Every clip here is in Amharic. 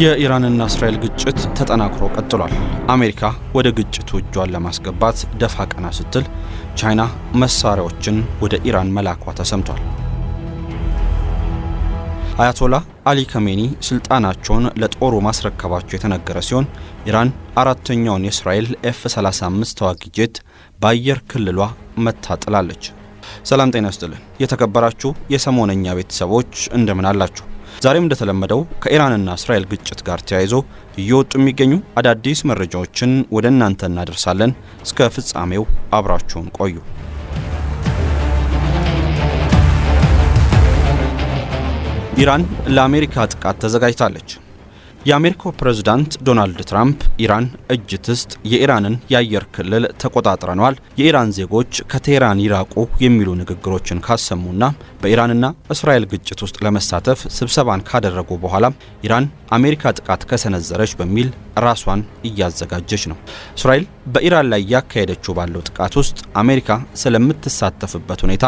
የኢራንና እስራኤል ግጭት ተጠናክሮ ቀጥሏል። አሜሪካ ወደ ግጭቱ እጇን ለማስገባት ደፋ ቀና ስትል ቻይና መሳሪያዎችን ወደ ኢራን መላኳ ተሰምቷል። አያቶላ አሊ ከሜኒ ስልጣናቸውን ለጦሩ ማስረከባቸው የተነገረ ሲሆን ኢራን አራተኛውን የእስራኤል ኤፍ 35 ተዋጊ ጄት በአየር ክልሏ መታጥላለች። ሰላም ጤና ስጥልን። የተከበራችሁ የሰሞነኛ ቤተሰቦች እንደምን አላችሁ? ዛሬም እንደተለመደው ከኢራንና እስራኤል ግጭት ጋር ተያይዞ እየወጡ የሚገኙ አዳዲስ መረጃዎችን ወደ እናንተ እናደርሳለን። እስከ ፍጻሜው አብራችሁን ቆዩ። ኢራን ለአሜሪካ ጥቃት ተዘጋጅታለች። የአሜሪካው ፕሬዝዳንት ዶናልድ ትራምፕ ኢራን እጅ ትስጥ፣ የኢራንን የአየር ክልል ተቆጣጥረኗል። የኢራን ዜጎች ከቴህራን ይራቁ የሚሉ ንግግሮችን ካሰሙና በኢራንና እስራኤል ግጭት ውስጥ ለመሳተፍ ስብሰባን ካደረጉ በኋላ ኢራን አሜሪካ ጥቃት ከሰነዘረች በሚል ራሷን እያዘጋጀች ነው። እስራኤል በኢራን ላይ እያካሄደችው ባለው ጥቃት ውስጥ አሜሪካ ስለምትሳተፍበት ሁኔታ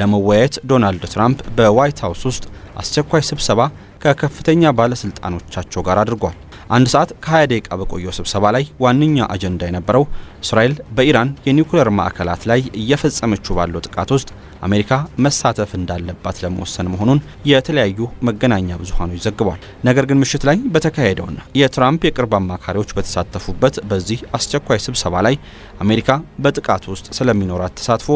ለመወያየት ዶናልድ ትራምፕ በዋይት ሀውስ ውስጥ አስቸኳይ ስብሰባ ከከፍተኛ ባለስልጣኖቻቸው ጋር አድርጓል። አንድ ሰዓት ከ20 ደቂቃ በቆየው ስብሰባ ላይ ዋነኛ አጀንዳ የነበረው እስራኤል በኢራን የኒውክሌር ማዕከላት ላይ እየፈጸመችው ባለው ጥቃት ውስጥ አሜሪካ መሳተፍ እንዳለባት ለመወሰን መሆኑን የተለያዩ መገናኛ ብዙሃኖች ዘግቧል። ነገር ግን ምሽት ላይ በተካሄደውና የትራምፕ የቅርብ አማካሪዎች በተሳተፉበት በዚህ አስቸኳይ ስብሰባ ላይ አሜሪካ በጥቃት ውስጥ ስለሚኖራት ተሳትፎ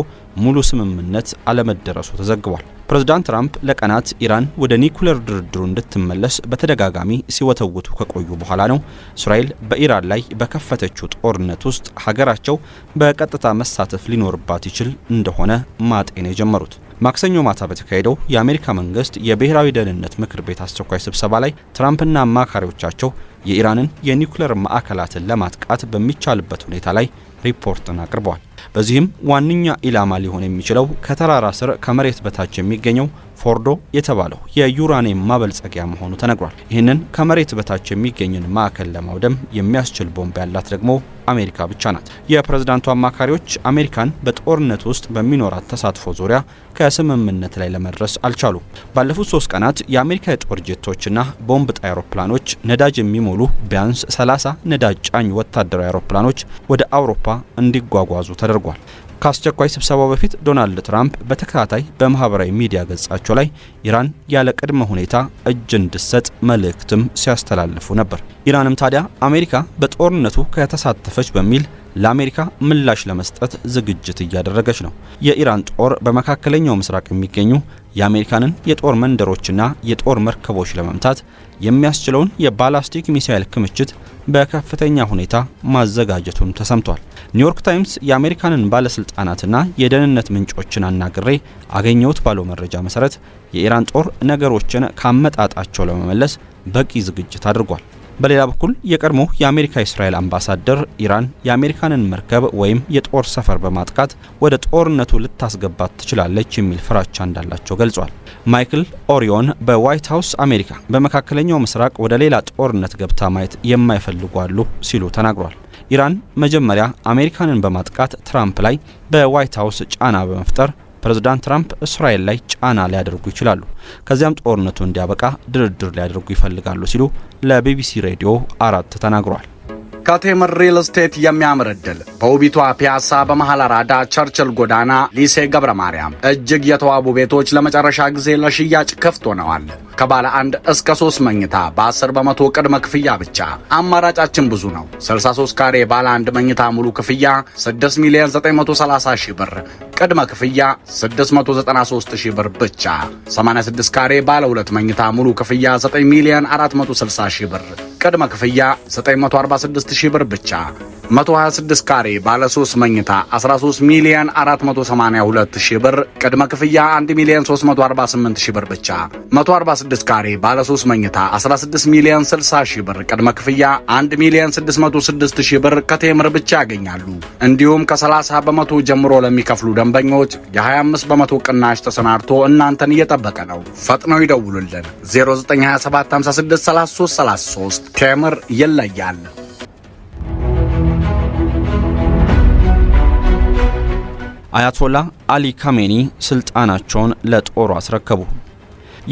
ሙሉ ስምምነት አለመደረሱ ተዘግቧል። ፕሬዚዳንት ትራምፕ ለቀናት ኢራን ወደ ኒኩለር ድርድሩ እንድትመለስ በተደጋጋሚ ሲወተውቱ ከቆዩ በኋላ ነው እስራኤል በኢራን ላይ በከፈተችው ጦርነት ውስጥ ሀገራቸው በቀጥታ መሳተፍ ሊኖርባት ይችል እንደሆነ ማጤን የጀመሩት። ማክሰኞ ማታ በተካሄደው የአሜሪካ መንግስት የብሔራዊ ደህንነት ምክር ቤት አስቸኳይ ስብሰባ ላይ ትራምፕና አማካሪዎቻቸው የኢራንን የኒውክሌር ማዕከላትን ለማጥቃት በሚቻልበት ሁኔታ ላይ ሪፖርትን አቅርበዋል። በዚህም ዋነኛ ኢላማ ሊሆን የሚችለው ከተራራ ስር ከመሬት በታች የሚገኘው ፎርዶ የተባለው የዩራኒየም ማበልጸጊያ መሆኑ ተነግሯል። ይህንን ከመሬት በታች የሚገኝን ማዕከል ለማውደም የሚያስችል ቦምብ ያላት ደግሞ አሜሪካ ብቻ ናት። የፕሬዝዳንቱ አማካሪዎች አሜሪካን በጦርነት ውስጥ በሚኖራት ተሳትፎ ዙሪያ ከስምምነት ላይ ለመድረስ አልቻሉም። ባለፉት ሶስት ቀናት የአሜሪካ የጦር ጀቶችና ቦምብ ጣይ አውሮፕላኖች ነዳጅ የሚሞሉ ቢያንስ 30 ነዳጅ ጫኝ ወታደራዊ አውሮፕላኖች ወደ አውሮፓ እንዲጓጓዙ ተደርጓል። ከአስቸኳይ ስብሰባው በፊት ዶናልድ ትራምፕ በተከታታይ በማህበራዊ ሚዲያ ገጻቸው ላይ ኢራን ያለ ቅድመ ሁኔታ እጅ እንድትሰጥ መልእክትም ሲያስተላልፉ ነበር። ኢራንም ታዲያ አሜሪካ በጦርነቱ ከተሳተፈች በሚል ለአሜሪካ ምላሽ ለመስጠት ዝግጅት እያደረገች ነው። የኢራን ጦር በመካከለኛው ምስራቅ የሚገኙ የአሜሪካንን የጦር መንደሮችና የጦር መርከቦች ለመምታት የሚያስችለውን የባላስቲክ ሚሳኤል ክምችት በከፍተኛ ሁኔታ ማዘጋጀቱን ተሰምቷል። ኒውዮርክ ታይምስ የአሜሪካንን ባለስልጣናትና የደህንነት ምንጮችን አናግሬ አገኘሁት ባለው መረጃ መሰረት የኢራን ጦር ነገሮችን ካመጣጣቸው ለመመለስ በቂ ዝግጅት አድርጓል። በሌላ በኩል የቀድሞ የአሜሪካ የእስራኤል አምባሳደር ኢራን የአሜሪካንን መርከብ ወይም የጦር ሰፈር በማጥቃት ወደ ጦርነቱ ልታስገባት ትችላለች የሚል ፍራቻ እንዳላቸው ገልጿል። ማይክል ኦሪዮን በዋይት ሀውስ አሜሪካ በመካከለኛው ምስራቅ ወደ ሌላ ጦርነት ገብታ ማየት የማይፈልጉ ሲሉ ተናግሯል። ኢራን መጀመሪያ አሜሪካንን በማጥቃት ትራምፕ ላይ በዋይት ሀውስ ጫና በመፍጠር ፕሬዝዳንት ትራምፕ እስራኤል ላይ ጫና ሊያደርጉ ይችላሉ። ከዚያም ጦርነቱ እንዲያበቃ ድርድር ሊያደርጉ ይፈልጋሉ ሲሉ ለቢቢሲ ሬዲዮ አራት ተናግሯል። ከቴምር ሪል ስቴት የሚያምር እድል በውቢቷ ፒያሳ በመሃል አራዳ ቸርችል ጎዳና ሊሴ ገብረ ማርያም እጅግ የተዋቡ ቤቶች ለመጨረሻ ጊዜ ለሽያጭ ክፍት ሆነዋል። ከባለ አንድ እስከ ሶስት መኝታ በ10 በመቶ ቅድመ ክፍያ ብቻ። አማራጫችን ብዙ ነው። 63 ካሬ ባለ አንድ መኝታ ሙሉ ክፍያ 6 ሚሊዮን 930 ሺህ ብር፣ ቅድመ ክፍያ 693 ሺህ ብር ብቻ። 86 ካሬ ባለ ሁለት መኝታ ሙሉ ክፍያ 9 ሚሊዮን 460 ሺህ ብር፣ ቅድመ ክፍያ 946 ሺህ ብር ብቻ። 126 ካሬ ባለ 3 መኝታ 13 ሚሊዮን 482 ሺህ ብር፣ ቅድመ ክፍያ 1 ሚሊዮን 348 ሺህ ብር ብቻ። 16 ካሬ ባለ 3 መኝታ 16 ሚሊዮን 60 ሺህ ብር ቅድመ ክፍያ 1 ሚሊዮን 606 ሺህ ብር ከቴምር ብቻ ያገኛሉ። እንዲሁም ከ30 በመቶ ጀምሮ ለሚከፍሉ ደንበኞች የ25 በመቶ ቅናሽ ተሰናድቶ እናንተን እየጠበቀ ነው። ፈጥነው ይደውሉልን 0927563333 ቴምር ይለያል። አያቶላ አሊ ካሜኒ ስልጣናቸውን ለጦሩ አስረከቡ።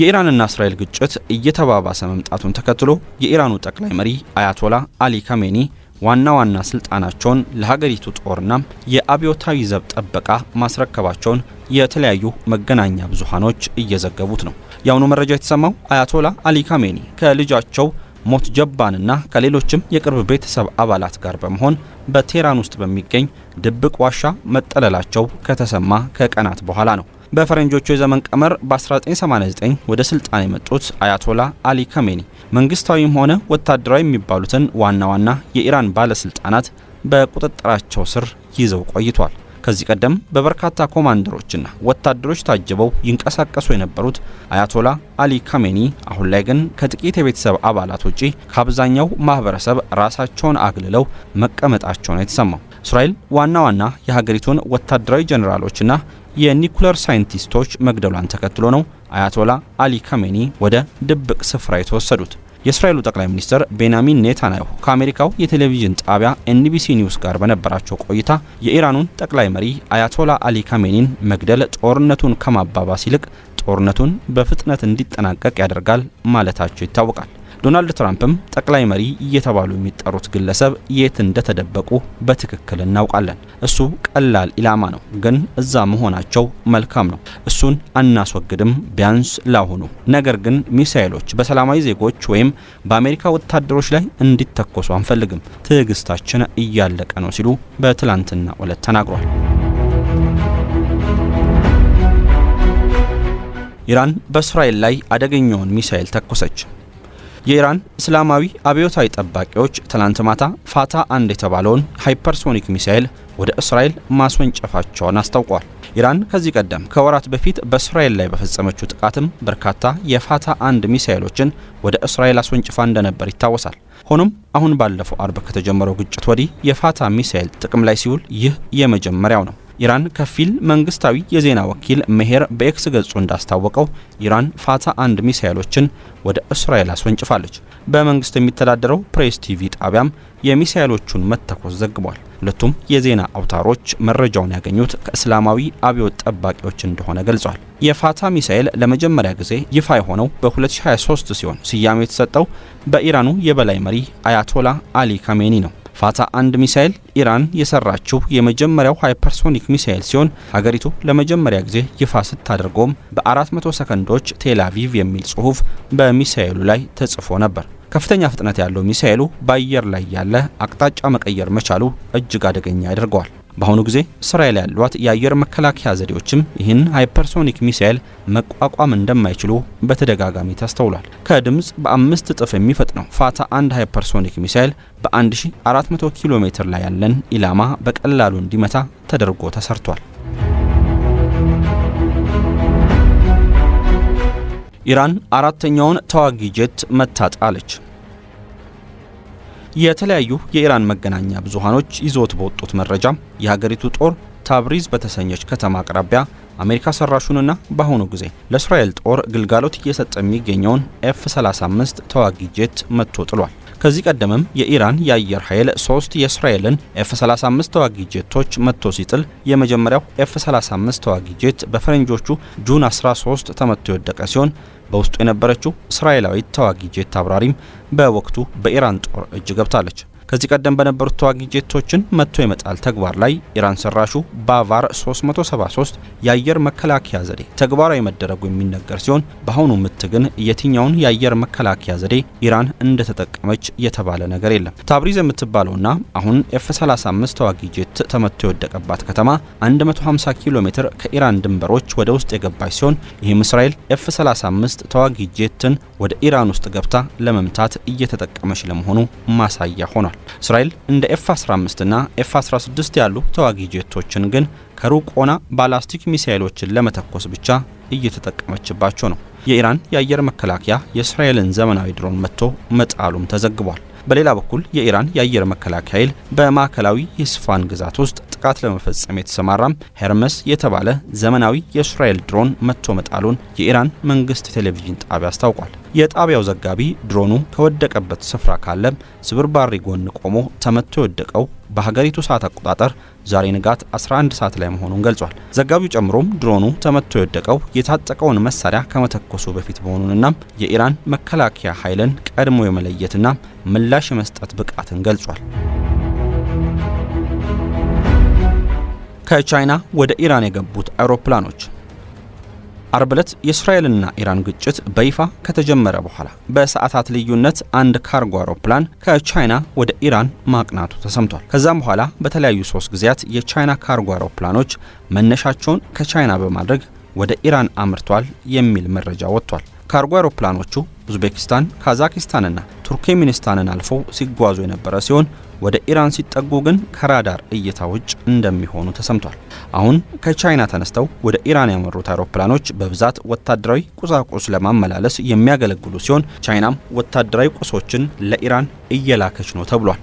የኢራንና እስራኤል ግጭት እየተባባሰ መምጣቱን ተከትሎ የኢራኑ ጠቅላይ መሪ አያቶላ አሊ ካሜኒ ዋና ዋና ስልጣናቸውን ለሀገሪቱ ጦርና የአብዮታዊ ዘብ ጥበቃ ማስረከባቸውን የተለያዩ መገናኛ ብዙሃኖች እየዘገቡት ነው። የአሁኑ መረጃ የተሰማው አያቶላ አሊ ካሜኒ ከልጃቸው ሞት ጀባንና ከሌሎችም የቅርብ ቤተሰብ አባላት ጋር በመሆን በቴህራን ውስጥ በሚገኝ ድብቅ ዋሻ መጠለላቸው ከተሰማ ከቀናት በኋላ ነው። በፈረንጆቹ የዘመን ቀመር በ1989 ወደ ስልጣን የመጡት አያቶላ አሊ ከሜኒ መንግስታዊም ሆነ ወታደራዊ የሚባሉትን ዋና ዋና የኢራን ባለስልጣናት በቁጥጥራቸው ስር ይዘው ቆይቷል። ከዚህ ቀደም በበርካታ ኮማንደሮችና ወታደሮች ታጅበው ይንቀሳቀሱ የነበሩት አያቶላ አሊ ካሜኒ አሁን ላይ ግን ከጥቂት የቤተሰብ አባላት ውጪ ከአብዛኛው ማህበረሰብ ራሳቸውን አግልለው መቀመጣቸው ነው የተሰማው። እስራኤል ዋና ዋና የሀገሪቱን ወታደራዊ ጀኔራሎችና የኒኩለር ሳይንቲስቶች መግደሏን ተከትሎ ነው አያቶላ አሊ ካሜኒ ወደ ድብቅ ስፍራ የተወሰዱት። የእስራኤሉ ጠቅላይ ሚኒስትር ቤንያሚን ኔታንያሁ ከአሜሪካው የቴሌቪዥን ጣቢያ ኤንቢሲ ኒውስ ጋር በነበራቸው ቆይታ የኢራኑን ጠቅላይ መሪ አያቶላ አሊ ካሜኒን መግደል ጦርነቱን ከማባባስ ይልቅ ጦርነቱን በፍጥነት እንዲጠናቀቅ ያደርጋል ማለታቸው ይታወቃል። ዶናልድ ትራምፕም ጠቅላይ መሪ እየተባሉ የሚጠሩት ግለሰብ የት እንደተደበቁ በትክክል እናውቃለን። እሱ ቀላል ኢላማ ነው፣ ግን እዛ መሆናቸው መልካም ነው። እሱን አናስወግድም፣ ቢያንስ ላሁኑ። ነገር ግን ሚሳኤሎች በሰላማዊ ዜጎች ወይም በአሜሪካ ወታደሮች ላይ እንዲተኮሱ አንፈልግም። ትዕግስታችን እያለቀ ነው ሲሉ በትላንትና ዕለት ተናግሯል። ኢራን በእስራኤል ላይ አደገኛውን ሚሳኤል ተኮሰች። የኢራን እስላማዊ አብዮታዊ ጠባቂዎች ትላንት ማታ ፋታ አንድ የተባለውን ሃይፐርሶኒክ ሚሳኤል ወደ እስራኤል ማስወንጨፋቸውን አስታውቋል። ኢራን ከዚህ ቀደም ከወራት በፊት በእስራኤል ላይ በፈጸመችው ጥቃትም በርካታ የፋታ አንድ ሚሳኤሎችን ወደ እስራኤል አስወንጭፋ እንደነበር ይታወሳል። ሆኖም አሁን ባለፈው አርብ ከተጀመረው ግጭት ወዲህ የፋታ ሚሳኤል ጥቅም ላይ ሲውል ይህ የመጀመሪያው ነው። ኢራን ከፊል መንግስታዊ የዜና ወኪል መሄር በኤክስ ገጹ እንዳስታወቀው ኢራን ፋታ አንድ ሚሳኤሎችን ወደ እስራኤል አስወንጭፋለች። በመንግስት የሚተዳደረው ፕሬስ ቲቪ ጣቢያም የሚሳኤሎቹን መተኮስ ዘግቧል። ሁለቱም የዜና አውታሮች መረጃውን ያገኙት ከእስላማዊ አብዮት ጠባቂዎች እንደሆነ ገልጿል። የፋታ ሚሳኤል ለመጀመሪያ ጊዜ ይፋ የሆነው በ2023 ሲሆን ስያሜው የተሰጠው በኢራኑ የበላይ መሪ አያቶላ አሊ ካሜኒ ነው። ፋታ አንድ ሚሳኤል ኢራን የሰራችው የመጀመሪያው ሃይፐርሶኒክ ሚሳኤል ሲሆን ሀገሪቱ ለመጀመሪያ ጊዜ ይፋ ስታደርገውም በ400 ሰከንዶች ቴላቪቭ የሚል ጽሑፍ በሚሳኤሉ ላይ ተጽፎ ነበር። ከፍተኛ ፍጥነት ያለው ሚሳኤሉ በአየር ላይ ያለ አቅጣጫ መቀየር መቻሉ እጅግ አደገኛ ያደርገዋል። በአሁኑ ጊዜ እስራኤል ያሏት የአየር መከላከያ ዘዴዎችም ይህን ሃይፐርሶኒክ ሚሳኤል መቋቋም እንደማይችሉ በተደጋጋሚ ተስተውሏል። ከድምፅ በአምስት እጥፍ የሚፈጥነው ፋታ አንድ ሃይፐርሶኒክ ሚሳኤል በ1400 ኪሎ ሜትር ላይ ያለን ኢላማ በቀላሉ እንዲመታ ተደርጎ ተሰርቷል። ኢራን አራተኛውን ተዋጊ ጄት መታጣለች። የተለያዩ የኢራን መገናኛ ብዙሃኖች ይዞት በወጡት መረጃ የሀገሪቱ ጦር ታብሪዝ በተሰኘች ከተማ አቅራቢያ አሜሪካ ሰራሹንና በአሁኑ ጊዜ ለእስራኤል ጦር ግልጋሎት እየሰጠ የሚገኘውን ኤፍ 35 ተዋጊ ጄት መጥቶ ጥሏል። ከዚህ ቀደምም የኢራን የአየር ኃይል ሶስት የእስራኤልን ኤፍ35 ተዋጊ ጄቶች መጥቶ ሲጥል የመጀመሪያው ኤፍ35 ተዋጊ ጄት በፈረንጆቹ ጁን 13 ተመቶ የወደቀ ሲሆን በውስጡ የነበረችው እስራኤላዊት ተዋጊ ጄት አብራሪም በወቅቱ በኢራን ጦር እጅ ገብታለች። ከዚህ ቀደም በነበሩት ተዋጊ ጄቶችን መጥቶ ይመጣል። ተግባር ላይ ኢራን ሰራሹ ባቫር 373 የአየር መከላከያ ዘዴ ተግባራዊ መደረጉ የሚነገር ሲሆን በአሁኑ ምት ግን የትኛውን የአየር መከላከያ ዘዴ ኢራን እንደተጠቀመች የተባለ ነገር የለም። ታብሪዝ የምትባለውና አሁን ኤፍ 35 ተዋጊ ጄት ተመቶ የወደቀባት ከተማ 150 ኪሎ ሜትር ከኢራን ድንበሮች ወደ ውስጥ የገባች ሲሆን ይህም እስራኤል ኤፍ 35 ተዋጊ ጄትን ወደ ኢራን ውስጥ ገብታ ለመምታት እየተጠቀመች ለመሆኑ ማሳያ ሆኗል። ተናግረዋል። እስራኤል እንደ ኤፍ 15ና ኤፍ 16 ያሉ ተዋጊ ጄቶችን ግን ከሩቅ ሆና ባላስቲክ ሚሳይሎችን ለመተኮስ ብቻ እየተጠቀመችባቸው ነው። የኢራን የአየር መከላከያ የእስራኤልን ዘመናዊ ድሮን መጥቶ መጣሉም ተዘግቧል። በሌላ በኩል የኢራን የአየር መከላከያ ኃይል በማዕከላዊ የስፋን ግዛት ውስጥ ጥቃት ለመፈጸም የተሰማራም ሄርመስ የተባለ ዘመናዊ የእስራኤል ድሮን መጥቶ መጣሉን የኢራን መንግስት ቴሌቪዥን ጣቢያ አስታውቋል። የጣቢያው ዘጋቢ ድሮኑ ከወደቀበት ስፍራ ካለም ስብርባሪ ጎን ቆሞ ተመቶ የወደቀው በሀገሪቱ ሰዓት አቆጣጠር ዛሬ ንጋት 11 ሰዓት ላይ መሆኑን ገልጿል። ዘጋቢው ጨምሮም ድሮኑ ተመቶ የወደቀው የታጠቀውን መሳሪያ ከመተኮሱ በፊት መሆኑንና የኢራን መከላከያ ኃይልን ቀድሞ የመለየትና ምላሽ የመስጠት ብቃትን ገልጿል። ከቻይና ወደ ኢራን የገቡት አውሮፕላኖች አርብ ዕለት የእስራኤልና ኢራን ግጭት በይፋ ከተጀመረ በኋላ በሰዓታት ልዩነት አንድ ካርጎ አውሮፕላን ከቻይና ወደ ኢራን ማቅናቱ ተሰምቷል። ከዛም በኋላ በተለያዩ ሶስት ጊዜያት የቻይና ካርጎ አውሮፕላኖች መነሻቸውን ከቻይና በማድረግ ወደ ኢራን አምርቷል የሚል መረጃ ወጥቷል። ካርጎ አውሮፕላኖቹ ኡዝቤኪስታን፣ ካዛኪስታንና ቱርክሜኒስታንን አልፎ ሲጓዙ የነበረ ሲሆን ወደ ኢራን ሲጠጉ ግን ከራዳር እይታ ውጭ እንደሚሆኑ ተሰምቷል። አሁን ከቻይና ተነስተው ወደ ኢራን ያመሩት አውሮፕላኖች በብዛት ወታደራዊ ቁሳቁስ ለማመላለስ የሚያገለግሉ ሲሆን ቻይናም ወታደራዊ ቁሶችን ለኢራን እየላከች ነው ተብሏል።